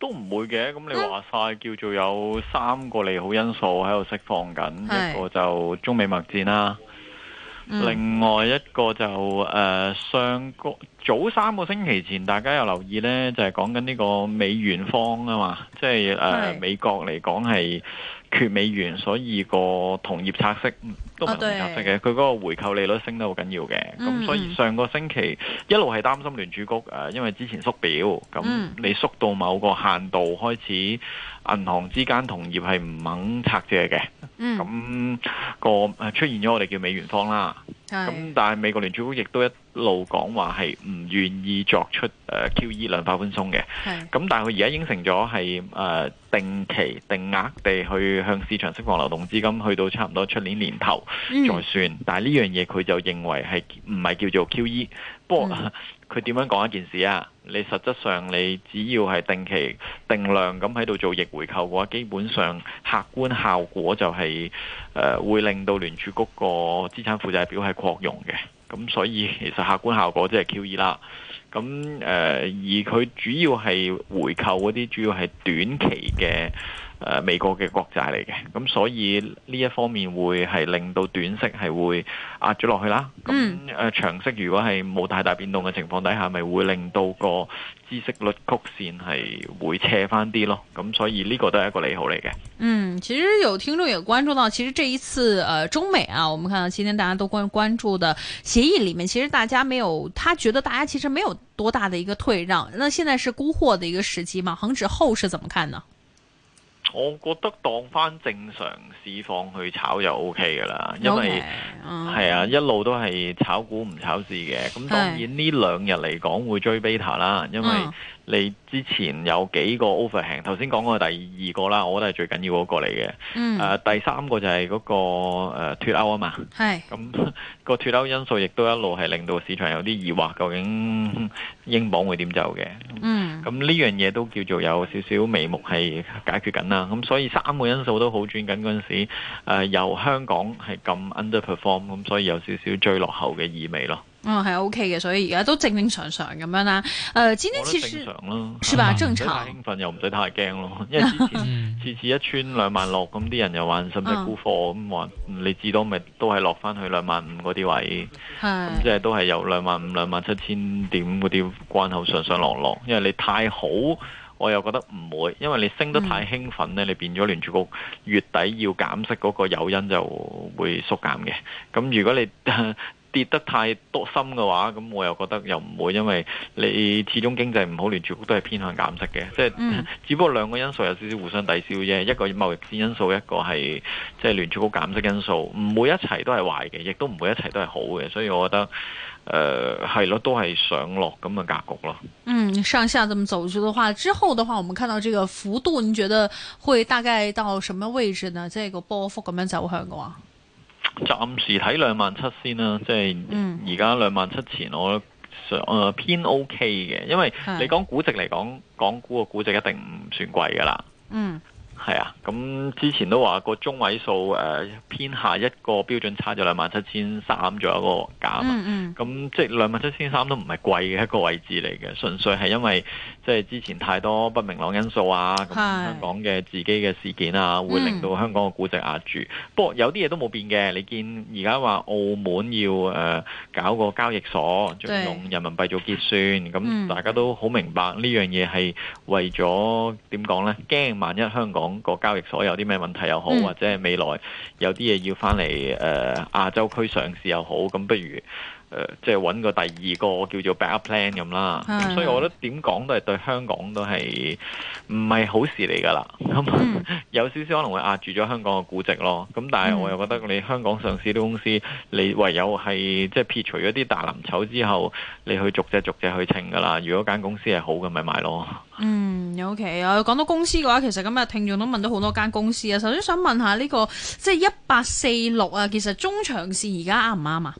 都唔會嘅，咁你話晒叫做有三個利好因素喺度釋放緊，一個就中美默戰啦，另外一個就誒上個早三個星期前，大家有留意呢，就係講緊呢個美元方啊嘛，即係誒美國嚟講係。缺美元，所以個同業拆息、嗯、都唔係同業拆息嘅。佢嗰，oh, 對個回購利率升得好緊要嘅。咁、嗯、所以上個星期一路係擔心聯儲局誒，因為之前縮表，咁你縮到某個限度開始，銀行之間同業係唔肯拆借嘅。咁、嗯、個出現咗我哋叫美元荒啦。咁是但係美國聯儲局亦都一路講話係唔願意作出 QE 量化寬鬆嘅，咁是但係佢而家應承咗係誒定期定額地去向市場釋放流動資金，去到差唔多出年年頭再算。嗯、但呢樣嘢佢就認為係唔係叫做 QE、嗯。不過佢點樣講一件事啊？你實質上你只要係定期定量咁喺度做逆回購嘅話，基本上客觀效果就係、是、誒、呃、會令到聯儲局個資產負債表係擴容嘅。咁所以其實客觀效果即係 QE 啦，咁誒、呃、而佢主要係回購嗰啲，主要係短期嘅。誒、呃，美國嘅國債嚟嘅，咁所以呢一方面會係令到短息係會壓住落去啦。咁誒、呃、長息如果係冇太大變動嘅情況底下，咪、嗯、會令到個息率曲線係會斜翻啲咯。咁所以呢個都係一個利好嚟嘅。嗯，其實有聽眾也關注到，其實這一次呃中美啊，我們看到今天大家都關關注的協議裏面，其實大家沒有，他覺得大家其實沒有多大的一個退讓。那現在是沽貨的一個時機嘛？恒指後市怎麼看呢？我覺得當返正常市況去炒就 OK 㗎啦，因為係啊一路都係炒股唔炒市嘅，咁當然呢兩日嚟講會追 Beta 啦，因為。你之前有幾個 overhang，頭先講過第二個啦，我覺得係最緊要嗰個嚟嘅，嗯呃。第三個就係嗰、嗰個誒脫歐啊嘛，咁是、嗯嗰個脫歐因素亦都一路係令到市場有啲疑惑，究竟英鎊會點走嘅？咁呢樣嘢都叫做有少少眉目係解決緊啦。咁、嗯、所以三個因素都好轉緊嗰陣時，呃，由香港係咁 underperform，咁、嗯、所以有少少追落後嘅意味咯。啊，係、哦、OK 嘅，所以而家都正正常常咁樣、呃、正常啦。誒，次次，說白咗正常，啊、唔使太興奮，又唔使太驚咯。因為次 次一穿兩萬六，咁啲人又話，使唔使沽貨咁話？你至多咪都係落翻去兩萬五嗰啲位，咁即係都係由兩萬五、兩萬七千點嗰啲關口上上落落。因為你太好，我又覺得唔會，因為你升得太興奮咧，嗯、你變咗聯儲局月底要減息嗰個誘因就會縮減嘅。咁如果你、呃跌得太多深嘅話，咁我又覺得又唔會，因為你始終經濟唔好，聯儲局都係偏向減息嘅，即係、嗯、只不過兩個因素有少少互相抵消啫，一個貿易戰因素，一個係即係聯儲局減息因素，唔會一齊都係壞嘅，亦都唔會一齊都係好嘅，所以我覺得誒係咯，都係上落咁嘅格局咯。嗯，上下咁樣走住嘅話，之後嘅話，我們看到這個幅度，您覺得會大概到什麼位置呢？即、這、係個波幅咁樣走向嘅話？暫時睇兩萬七先啦，即係而家兩萬七前，我覺得上誒偏 OK 嘅，因為你講估值嚟講，港股嘅估值一定唔算貴㗎啦。嗯。係啊，咁之前都話個中位數誒偏、呃、下一個標準差咗兩萬七千三，左一個減啊。咁即係兩萬七千三都唔係貴嘅一個位置嚟嘅，純粹係因為即係、就是、之前太多不明朗因素啊，咁香港嘅自己嘅事件啊，是會令到香港嘅估值壓住。嗯、不過有啲嘢都冇變嘅，你見而家話澳門要誒、呃、搞個交易所，用人民幣做結算，咁對大家都好明白呢樣嘢係為咗點講呢？驚萬一香港。個交易所有啲咩問題又好，嗯、或者係未來有啲嘢要翻嚟誒亞洲區上市又好，咁不如？誒、呃，即係揾個第二個叫做 backup plan 咁啦， 嗯、所以我覺得點講都係對香港都係唔係好事嚟噶啦，咁有少少可能會壓住咗香港嘅估值咯。咁但係我又覺得你香港上市啲公司，你唯有係即係撇除咗啲大藍籌之後，你去逐隻逐隻去清噶啦。如果間公司係好嘅，咪買咯。嗯，OK。啊，講到公司嘅話，其實今日聽眾都問到好多間公司啊，首先想問下呢、這個即係一八四六啊，其實中長線而家啱唔啱啊？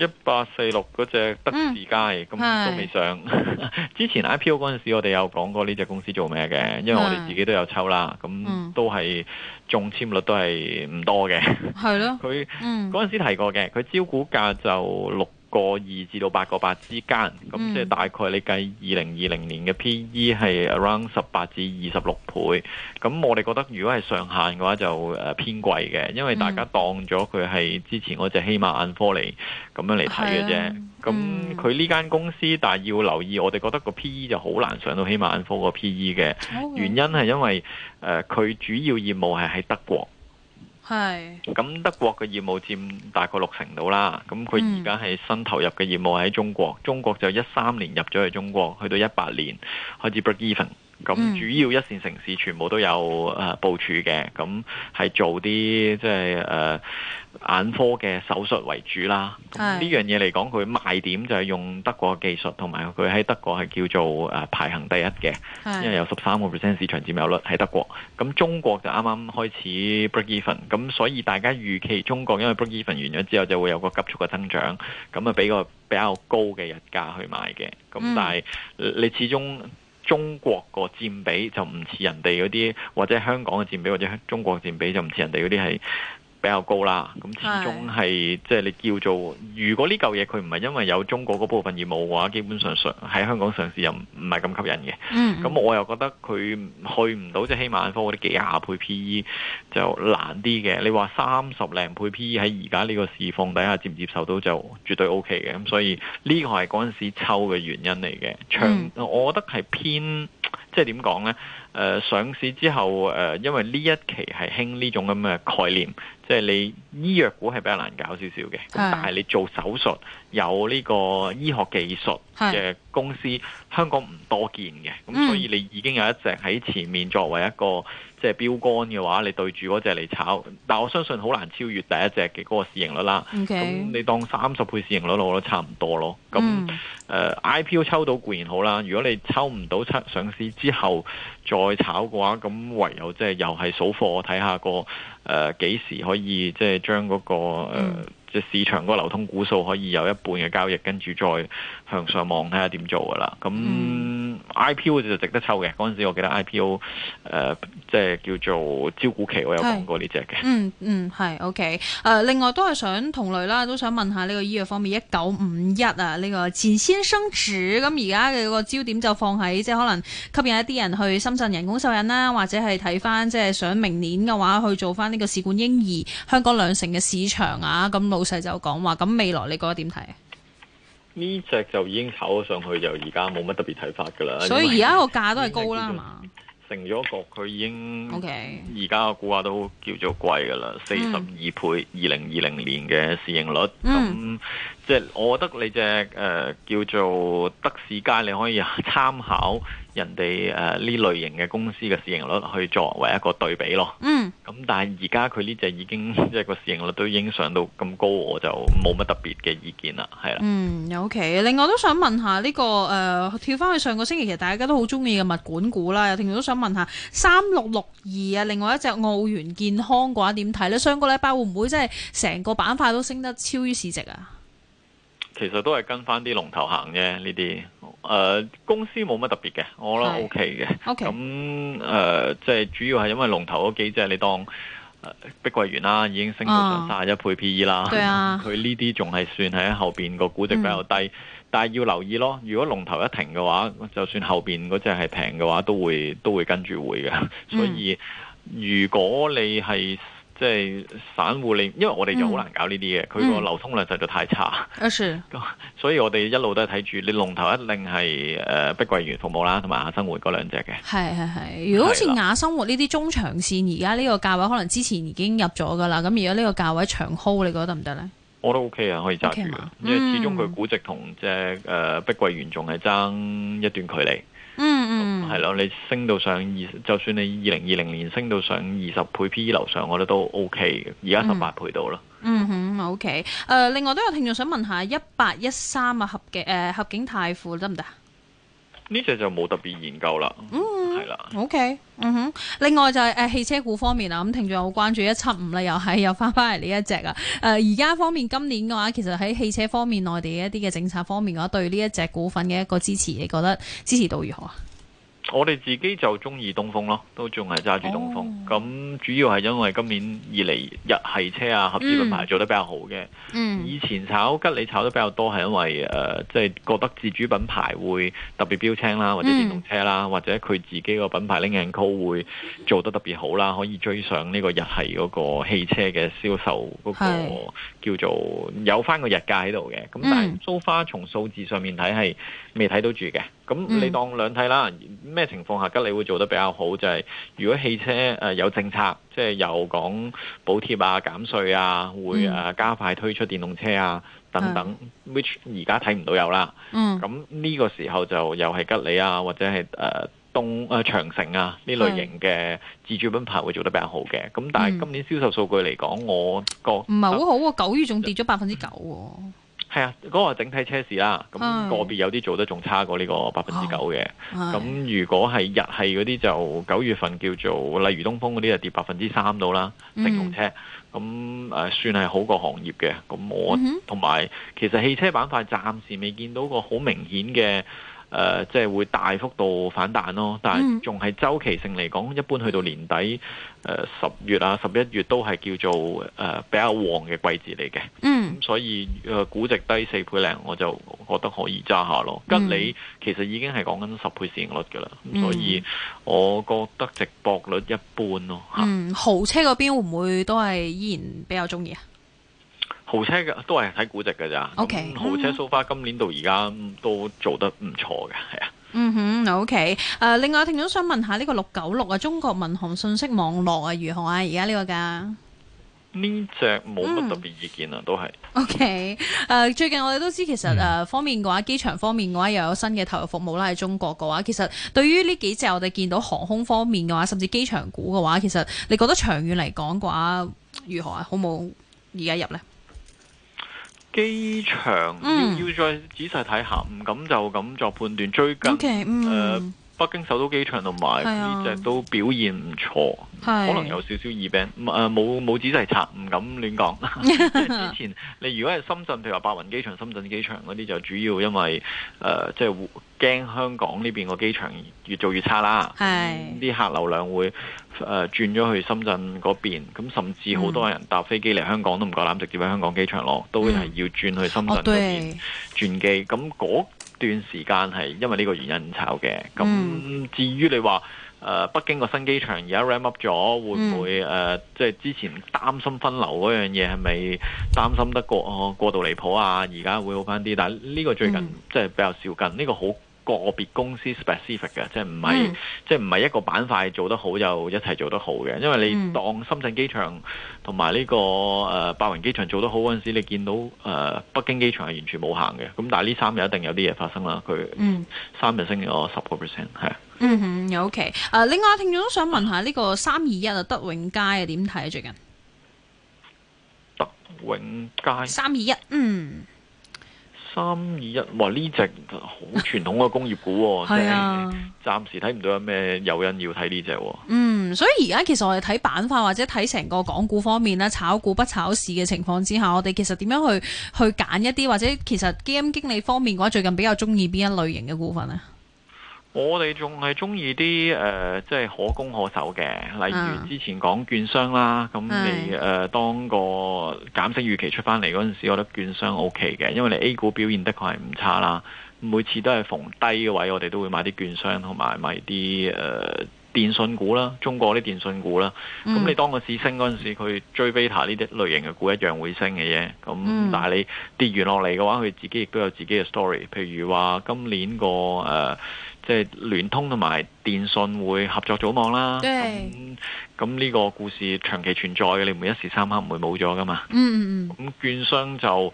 一八四六嗰隻德士佳，咁、嗯、都未上。是 之前 IPO 嗰陣時，我哋有講過呢隻公司做咩嘅，因為我哋自己都有抽啦，咁都係、嗯、中籤率都係唔多嘅。係咯的，佢嗰陣時提過嘅，佢招股價就六個二至到八個八之間，咁即係大概你計二零二零年嘅 P/E 係 around 十八至二十六倍，咁我哋覺得如果係上限嘅話就誒偏貴嘅，因為大家當咗佢係之前嗰隻希馬眼科嚟咁樣嚟睇嘅啫。咁佢呢間公司，但係要留意，我哋覺得個 P/E 就好難上到希馬眼科個 P/E 嘅原因係因為誒佢、呃、主要業務係喺德國。咁 德國嘅業務佔大概六成度啦。咁佢而家係新投入嘅業務喺中國，嗯、中國就一三年入咗去中國，去到一八年開始 break even。咁主要一線城市全部都有誒部署嘅，咁係、嗯、做啲即係誒眼科嘅手術為主啦。咁呢樣嘢嚟講，佢賣點就係用德國嘅技術同埋佢喺德國係叫做排行第一嘅，是因為有十三個 percent 市場占有率喺德國，咁中國就啱啱開始 break even，咁所以大家預期中國因為 break even 完咗之後就會有個急速嘅增長，咁啊俾個比較高嘅日價去買嘅。咁但係你始終。中國個佔比就唔似人哋嗰啲，或者香港嘅佔比，或者中國佔比就唔似人哋嗰啲係。比較高啦，咁始終係即係你叫做，如果呢嚿嘢佢唔係因為有中國嗰部分業務嘅話，基本上上喺香港上市又唔係咁吸引嘅。咁、嗯、我又覺得佢去唔到即係希瑪眼科嗰啲幾廿倍 P E 就難啲嘅。你話三十零倍 P E 喺而家呢個市況底下接唔接受到就絕對 O K 嘅。咁所以呢個係嗰陣時抽嘅原因嚟嘅。長，嗯、我覺得係偏即係點講呢、呃、上市之後、呃、因為呢一期係興呢種咁嘅概念。即係你醫藥股係比較難搞少少嘅，咁是 但係你做手術有呢個醫學技術嘅公司，是 香港唔多見嘅，咁所以你已經有一隻喺前面作為一個。即係標杆嘅話，你對住嗰隻嚟炒，但我相信好難超越第一隻嘅嗰個市盈率啦。咁 Okay. 你當三十倍市盈率我覺得差唔多咯。咁誒、呃、IPO 抽到固然好啦，如果你抽唔到出上市之後再炒嘅話，咁唯有即係又係數貨睇下個誒幾、呃、時可以即係將嗰個即、嗯呃、市場個流通股數可以有一半嘅交易，跟住再向上望睇下點做噶啦。咁嗯、IPO 就值得抽嘅，嗰陣時我記得 IPO 誒、呃，即、就、係、是、叫做招股期，我有講過呢隻嘅。嗯嗯，係 OK。誒、呃，另外都係想同類啦，都想問一下呢個醫藥方面一九五一啊，呢、這個錢先生主咁而家嘅個焦點就放喺即係可能吸引一啲人去深圳人工受孕啦，或者係睇翻即係想明年嘅話去做翻呢個試管嬰兒，香港兩成嘅市場啊，咁老細就講話，咁未來你覺得點睇？呢隻就已經炒咗上去，就而家冇乜特別睇法噶啦。所以而家個價都係高啦嘛。成咗局佢已經，而家個股價都叫做貴噶啦，四十二倍二零二零年嘅市盈率。嗯嗯即係，我覺得你隻誒、呃、叫做德視佳，你可以參考人哋誒呢類型嘅公司嘅市盈率去作為一個對比咯。嗯。咁但係而家佢呢隻已經即係個市盈率都已經上到咁高，我就冇乜特別嘅意見啦。係啦。嗯，OK。另外都想問下呢、這個誒、呃、跳翻去上個星期，其實大家都好中意嘅物管股啦，有啲人都想問下三六六二啊，另外一隻奧園健康嘅話點睇咧？上個禮拜會唔會即係成個板塊都升得超於市值啊？其實都係跟翻啲龍頭行啫，呢啲誒公司冇乜特別嘅，我覺得 O K 嘅。O K 咁誒，即、okay. 係、嗯呃就是、主要係因為龍頭嗰幾隻，你當、呃、碧桂園啦，已經升到上三十一倍 P E 啦。佢呢啲仲係算喺後邊個估值比較低，嗯、但係要留意咯。如果龍頭一停嘅話，就算後邊嗰隻係平嘅話，都會都會跟住會嘅。所以如果你係。即係散戶你，因為我哋就好難搞呢啲嘅，佢個、嗯、流通量實在太差。嗯嗯、是 所以我哋一路都係睇住，你龍頭一定係誒碧桂園服務啦，同埋雅生活嗰兩隻嘅。係係係。如果好似雅生活呢啲中長線，而家呢個價位可能之前已經入咗㗎啦，咁而家呢個價位長 hold 你覺得得唔得呢？我都 OK 啊，可以揸住、OK、嗎因為始終佢估值同隻誒碧桂園仲係爭一段距離。嗯、mm hmm. 嗯，係咯，你升到上二，就算你二零二零年升到上二十倍 P E 樓上，我覺得都 O、OK、K。而家十八倍到啦。嗯哼，O K。誒、hmm. okay.，uh, 另外都有聽眾想問一下一八一三啊，合嘅誒、呃，合景泰富得唔得？呢隻就冇特別研究啦。嗯、mm。Hmm. O、okay, K，嗯哼，另外就係、是、誒、啊、汽車股方面啊，咁聽眾好關注一七五啦，又係又翻翻嚟呢一隻啊，誒而家方面今年嘅話，其實喺汽車方面內地一啲嘅政策方面嘅話，我對呢一隻股份嘅一個支持，你覺得支持度如何啊？我哋自己就中意東風咯，都仲係揸住東風。咁、oh. 主要係因為今年以嚟日係車啊，合資品牌做得比較好嘅。Mm. Mm. 以前炒吉利炒得比較多，係因為誒，即、呃、係、就是、覺得自主品牌會特別標青啦，或者電動車啦，mm. 或者佢自己個品牌 Lynk & Co 會做得特別好啦，可以追上呢個日係嗰個汽車嘅銷售嗰個叫做有翻個日價喺度嘅。咁、mm. 但係蘇花從數字上面睇係未睇到住嘅。咁、嗯、你當兩睇啦，咩情況下吉利會做得比較好？就係、是、如果汽車、呃、有政策，即係又講補貼啊、減稅啊，會啊加快推出電動車啊等等、嗯、，which 而家睇唔到有啦。咁呢、嗯、個時候就又係吉利啊，或者係誒、呃、東、呃、長城啊呢類型嘅自主品牌會做得比較好嘅。咁、嗯、但係今年銷售數據嚟講，我個唔係好好、啊、喎，就九月仲跌咗百分之九喎。啊。係啊，嗰、那個整體車市啦，咁、那個別有啲做得仲差過呢個百分之九嘅。咁、oh. 如果係日系嗰啲就九月份叫做，例如東風嗰啲就跌百分之三到啦，乘用車。咁、mm. 算係好個行業嘅。咁我同埋、mm hmm. 其實汽車板塊暫時未見到個好明顯嘅。誒、呃，即係會大幅度反彈咯，但係仲係周期性嚟講，嗯、一般去到年底誒十、呃、月啊、十一月都係叫做誒、呃、比較旺嘅季節嚟嘅。嗯，咁、嗯、所以誒、呃、估值低四倍零，我就覺得可以揸下咯。嗯、吉利其實已經係講緊十倍市盈率噶啦，所以我覺得值博率一般咯。嗯，豪車嗰邊會唔會都係依然比較中意啊？豪車嘅都係睇估值嘅咋。O Okay , K. 豪車蘇、so、花今年到而家都做得唔錯嘅，係啊。嗯哼，O K. 啊，另外，聽咗想問一下呢個六九六啊，中國民航信息網絡啊，如何啊？而家呢個噶呢隻冇乜特別意見啊，嗯、都係是。O K. 啊，最近我哋都知道其實誒、嗯、方面嘅話，機場方面嘅話又有,有新嘅投入服務啦。喺中國嘅話，其實對於呢幾隻我哋見到航空方面嘅話，甚至機場股嘅話，其實你覺得長遠嚟講嘅話如何啊？好冇而家入呢？機場要，要再仔細睇下，唔敢就咁作判斷。最近 okay,、um. 呃北京首都機場同埋呢隻都表現唔錯，啊、可能有少少二兵，誒冇冇指示拆，唔敢亂講。 之前你如果係深圳，譬如話白雲機場、深圳機場嗰啲，就主要因為誒即係驚香港呢邊個機場越做越差啦，啲、啊嗯、客流量會誒、呃、轉咗去深圳嗰邊，咁甚至好多人搭飛機嚟香港、嗯、都唔夠膽直接喺香港機場落，都係要轉去深圳嗰邊、哦、轉機，咁嗰段時間係因為呢個原因炒嘅，咁至於你話誒、呃、北京個新機場而家 ramp up 咗，會唔會誒即係之前擔心分流嗰樣嘢係咪擔心得過過度離譜啊？而家會好返啲，但係呢個最近即係比較少近，呢、呢個好。個別公司 specific 嘅，即係唔係，嗯、即係唔係一個板塊做得好就一齊做得好嘅。因為你當深圳機場同埋呢個誒、呃、白雲機場做得好嗰陣時，你見到誒、呃、北京機場係完全冇行嘅。咁但係呢三日一定有啲嘢發生啦。佢三日升咗十個 percent 係啊。嗯哼係、嗯，OK。誒，另外聽眾都想問下呢個三二一啊，德永佳啊，點睇最近？德永佳三二一，21，嗯。三二一，2 3, 2, 1, 哇！呢隻好傳統嘅工業股喎，係啊， 啊暫時睇唔到有咩誘因要睇呢隻。嗯，所以而家其實我哋睇板塊或者睇成個港股方面啦，炒股不炒市嘅情況之下，我哋其實點樣去去揀一啲或者其實基金經理方面嘅話，最近比較中意邊一類型嘅股份呢？我哋仲係中意啲誒，即係可攻可守嘅，例如之前講券商啦，咁你誒當個減息預期出返嚟嗰陣時，我覺得券商 OK 嘅，因為你 A 股表現，的確係唔差啦。每次都係逢低嘅位，我哋都會買啲券商，同埋買啲誒電信股啦，中國啲電信股啦。咁你當個市升嗰陣時，佢追 beta 呢啲類型嘅股一樣會升嘅嘢。咁但係你跌完落嚟嘅話，佢自己亦都有自己嘅 story。譬如話今年個誒。即係聯通同埋電信會合作組網啦，咁咁呢個故事長期存在嘅，你唔會一時三刻唔會冇咗噶嘛。咁、嗯嗯、券商，就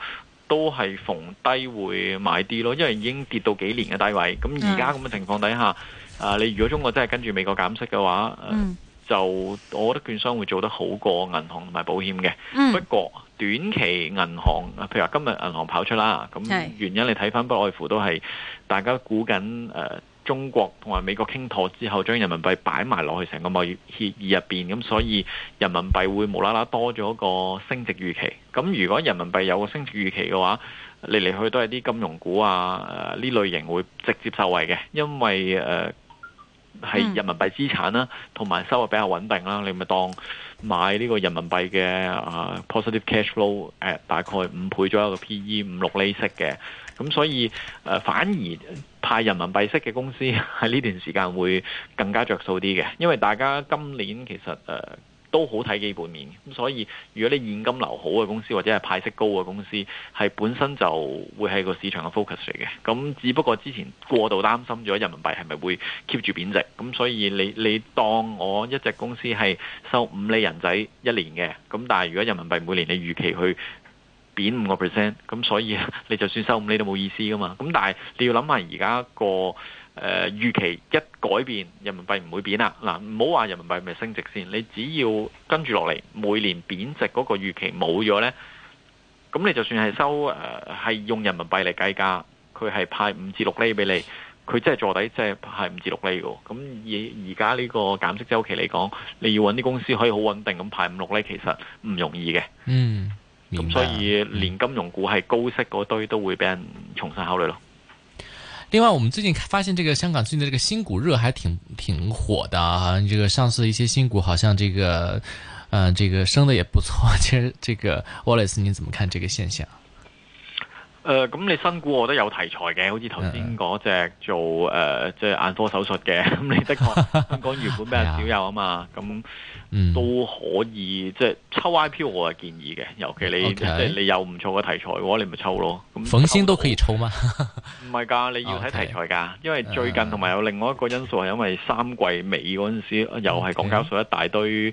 都係逢低會買啲咯，因為已經跌到幾年嘅低位，咁而家咁嘅情況底下，啊、嗯呃，你如果中國真係跟住美國減息嘅話，呃嗯、就我覺得券商會做得好過銀行同埋保險嘅。嗯、不過短期銀行，譬如話今日銀行跑出啦，咁原因你睇翻不外乎都係大家估緊誒。呃中國同埋美國傾妥之後，將人民幣擺埋落去成個貿易協議入邊，咁所以人民幣會無啦啦多咗個升值預期。咁如果人民幣有個升值預期嘅話，嚟嚟去都係啲金融股啊，呢、呃、類型會直接受惠嘅，因為誒係、呃、人民幣資產啦、啊，同埋收入比較穩定啦、啊。你咪當買呢個人民幣嘅、呃、positive cash flow，at, 大概五倍左右嘅 PE，五六厘息嘅。咁所以、呃、反而派人民幣息嘅公司喺呢段時間會更加着數啲嘅，因為大家今年其實、呃、都好睇基本面。咁所以，如果你現金流好嘅公司或者係派息高嘅公司，係本身就會係個市場嘅 focus 嚟嘅。咁只不過之前過度擔心咗人民幣係咪會 keep 住貶值，咁所以你你當我一隻公司係收五釐人仔一年嘅，咁但係如果人民幣每年你預期去貶五個 percent，咁所以你就算收五釐都冇意思噶嘛。咁但係你要諗下而家個誒預期一改變，人民幣唔會貶啦。嗱，唔好話人民幣係咪升值先？你只要跟住落嚟，每年貶值嗰個預期冇咗呢。咁你就算係收誒係、呃，用人民幣嚟計價，佢係派五至六釐俾你，佢即係坐底真，即係派五至六釐噶。咁而而家呢個減息周期嚟講，你要揾啲公司可以好穩定咁派五六釐，其實唔容易嘅。嗯。咁所以連金融股係高息嗰堆都會俾人重新考慮咯。另外，我們最近發現，這個香港最近的這個新股熱，還挺挺火的啊！好像這個上市一些新股，好像這個，嗯、呃，這個升得也不錯。其實，這個 Wallace，你怎麼看這個現象？誒咁、呃、你新股我都有題材嘅，好似頭先嗰隻做誒即係眼科手術嘅，咁 你的確香港原本比較少有啊嘛，咁 都可以即係、就是、抽 IPO 我係建議嘅，尤其你即係 Okay. 你有唔錯嘅題材嘅話，你咪抽咯。咁粉都可以抽嗎？唔係㗎，你要睇題材㗎，因為最近同埋有另外一個因素係因為三季尾嗰陣時 Okay. 又係港交所一大堆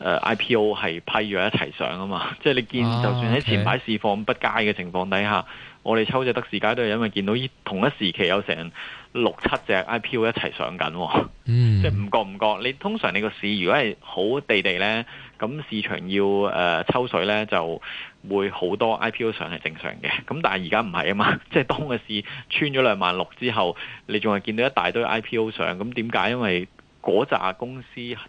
IPO 係批咗一齊上啊嘛，Okay. 即係你見就算喺前排市況不佳嘅情況底下。我哋抽隻德士街都係因為見到同一時期有成六七隻 IPO 一齊上緊，啊，mm. 即係唔覺唔覺。你通常你個市如果係好地地呢，咁市場要誒抽水呢，就會好多 IPO 上係正常嘅。咁但係而家唔係啊嘛，即係當個市穿咗兩萬六之後，你仲係見到一大堆 IPO 上。咁點解？因為嗰扎公司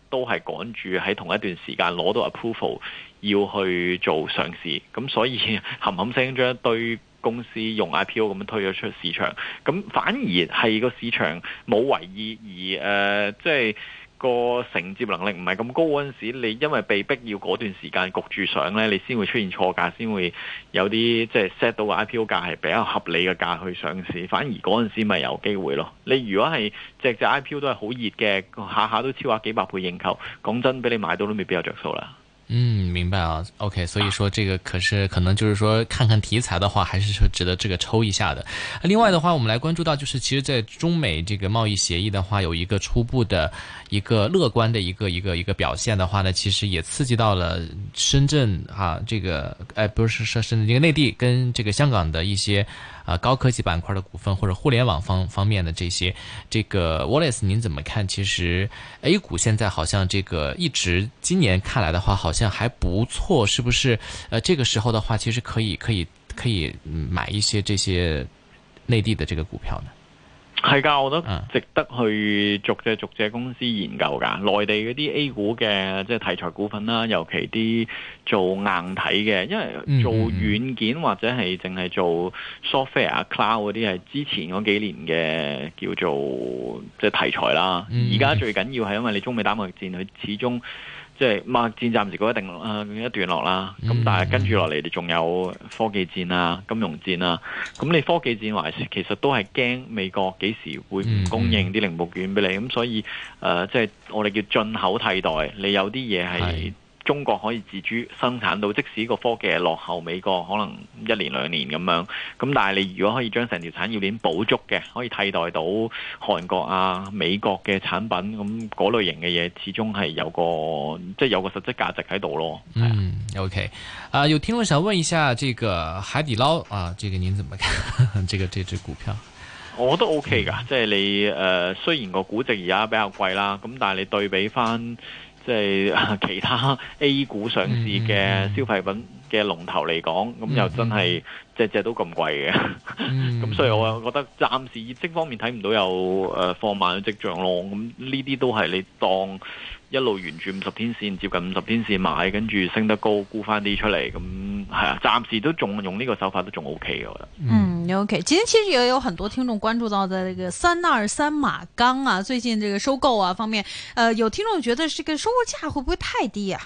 都係趕住喺同一段時間攞到 approval，要去做上市。咁所以冚冚聲將一堆。公司用 IPO 咁樣推咗出市場，咁反而係個市場冇為意，而即係、呃就是、個承接能力唔係咁高嗰陣時，你因為被逼要嗰段時間焗住上呢，你先會出現錯價，先會有啲即係 set 到個 IPO 價係比較合理嘅價去上市。反而嗰陣時咪有機會咯。你如果係隻隻 IPO 都係好熱嘅，下下都超額幾百倍認購，講真，俾你買到都，都未必有着數啦。嗯，明白啊，OK，所以說這個可是可能就是說，看看題材的話，還是說值得這個抽一下的。另外的話，我們來關注到，就是其實，在中美這個貿易協議的話，有一個初步的，一個樂觀的一個一個一個表現的話呢，其實也刺激到了深圳啊，這個哎，不是說深圳這個內地跟這個香港的一些啊高科技板塊的股份或者互聯網方方面的這些，這個 Wallace，您怎麼看？其實 A 股現在好像這個一直今年看來的話，好像。還不錯，是不是？呃，這個時候的話，其實可以可以可以買一些這些內地的這個股票呢？係㗎，我覺得值得去逐隻逐隻公司研究噶。內地嗰啲 A 股嘅即係題材股份啦，尤其啲做硬體嘅，因為做軟件或者係淨係做 software、cloud 嗰啲係之前嗰幾年嘅叫做即係題材啦。而家最緊要係因為你中美打貿易戰，佢始終。即係貿戰暫時嗰一定啊一段落啦，咁但係跟住落嚟你仲有科技戰啊、金融戰啊，咁你科技戰還是其實都係驚美國幾時會唔供應啲零部件俾你，咁所以誒，即係我哋叫進口替代，你有啲嘢係。中國可以自主生產到，即使個科技落後美國，可能一年兩年咁樣，咁但係你如果可以將成條產業鏈補足嘅，可以替代到韓國啊、美國嘅產品，咁嗰類型嘅嘢，始終係有個即係有個實質價值喺度咯。嗯，OK，啊、uh, 有聽眾想問一下，這個海底撈啊，這個您怎麼看？ 這個這支股票，我都 OK 噶，嗯、即係你誒，uh, 雖然個估值而家比較貴啦，咁但係你對比翻。即係其他 A 股上市嘅消費品嘅龍頭嚟講，咁又、嗯嗯、真係隻隻都咁貴嘅，咁、嗯、 所以我覺得暫時業績方面睇唔到有誒放慢嘅跡象咯。咁呢啲都係你當，一路沿住五十天線，接近五十天線買，跟住升得高沽翻啲出嚟，咁、嗯、係啊，暫時都仲用呢個手法都仲 O K 嘅，我覺得。嗯，O K。Okay. 今天其實也有很多聽眾關注到，喺呢個三二三馬鋼啊，最近這個收購啊方面，呃、有聽眾覺得這個收購價會唔會太低啊？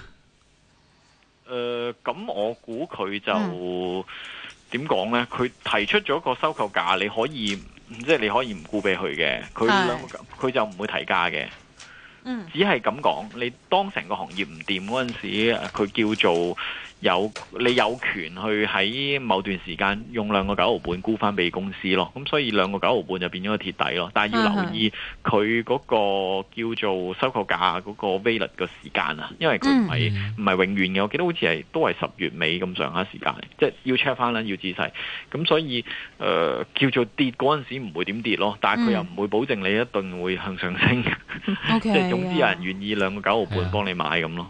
誒、呃，咁我估佢就點講呢？佢提出咗個收購價，你可以即係你可以唔沽俾佢嘅，佢佢就唔會提價嘅。嗯，只係咁講，你當成個行業唔掂嗰陣時，佢叫做有你有權去喺某段時間用兩個九毫半沽翻俾公司咯，咁所以兩個九毫半就變咗個鐵底咯。但係要留意佢嗰個叫做收購價嗰個 valid 嘅時間啊，因為佢唔係唔係永遠嘅，我記得好似係都係十月尾咁上下時間，即係要 check 翻啦，要仔細。咁所以、呃、叫做跌嗰陣時唔會點跌咯，但係佢又唔會保證你一定會向上升，即係總之有人願意兩個九毫半幫你買咁、嗯、咯。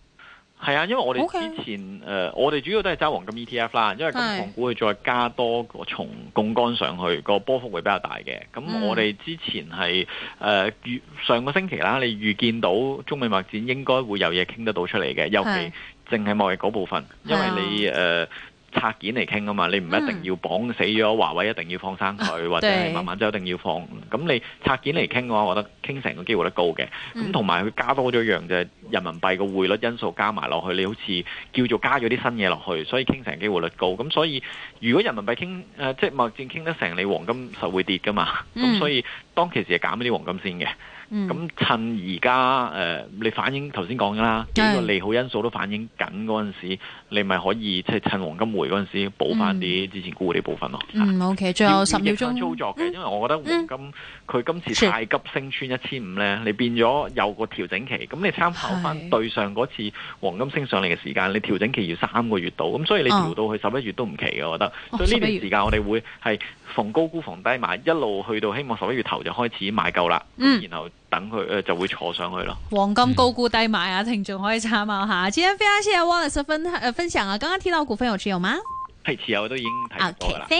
係啊，因為我哋之前，誒 Okay.、呃，我哋主要都係揸黃金 ETF 啦，因為港股佢再加多個從槓桿上去，那個波幅會比較大嘅。咁我哋之前係誒預上個星期啦，你預見到中美貿易戰應該會有嘢傾得到出嚟嘅，尤其淨係貿易嗰部分，啊、因為你誒。呃拆件嚟傾啊嘛，你唔一定要綁死咗華為，一定要放生佢，嗯、或者慢慢就一定要放。咁對、嗯、你拆件嚟傾嘅話，我覺得傾成個機會率高嘅。咁同埋佢加多咗一樣就係、是、人民幣個匯率因素加埋落去，你好似叫做加咗啲新嘢落去，所以傾成機會率高。咁所以如果人民幣傾、呃、即係貿戰傾得成，你黃金實會跌噶嘛。咁、嗯、所以。當其時係減啲黃金先嘅，咁、嗯、趁而家誒，你反映頭先講嘅啦，呢個利好因素都反映緊嗰陣時候，你咪可以即係趁黃金回嗰陣時候補翻啲之前沽嗰啲部分咯。嗯，OK，的最後十秒鐘操作嘅，因為我覺得黃金佢、嗯嗯、今次太急升穿一千五咧，你變咗有一個調整期。咁的、嗯、你參考翻對上嗰次黃金升上嚟嘅時間，你調整期要三個月到，咁所以你調到去十一月都唔奇嘅，我覺得。哦、所以呢段時間我哋會係逢高估、逢低買，一路去到希望十一月頭咗。開始買夠啦，然後等佢，誒、嗯呃、就會坐上去咯。黃金高估低買啊，聽眾 可以參考下。今天非常謝謝 Wallace 分誒分享啊，剛剛提到股份有持有嗎？係持有，都已經睇過啦。Okay,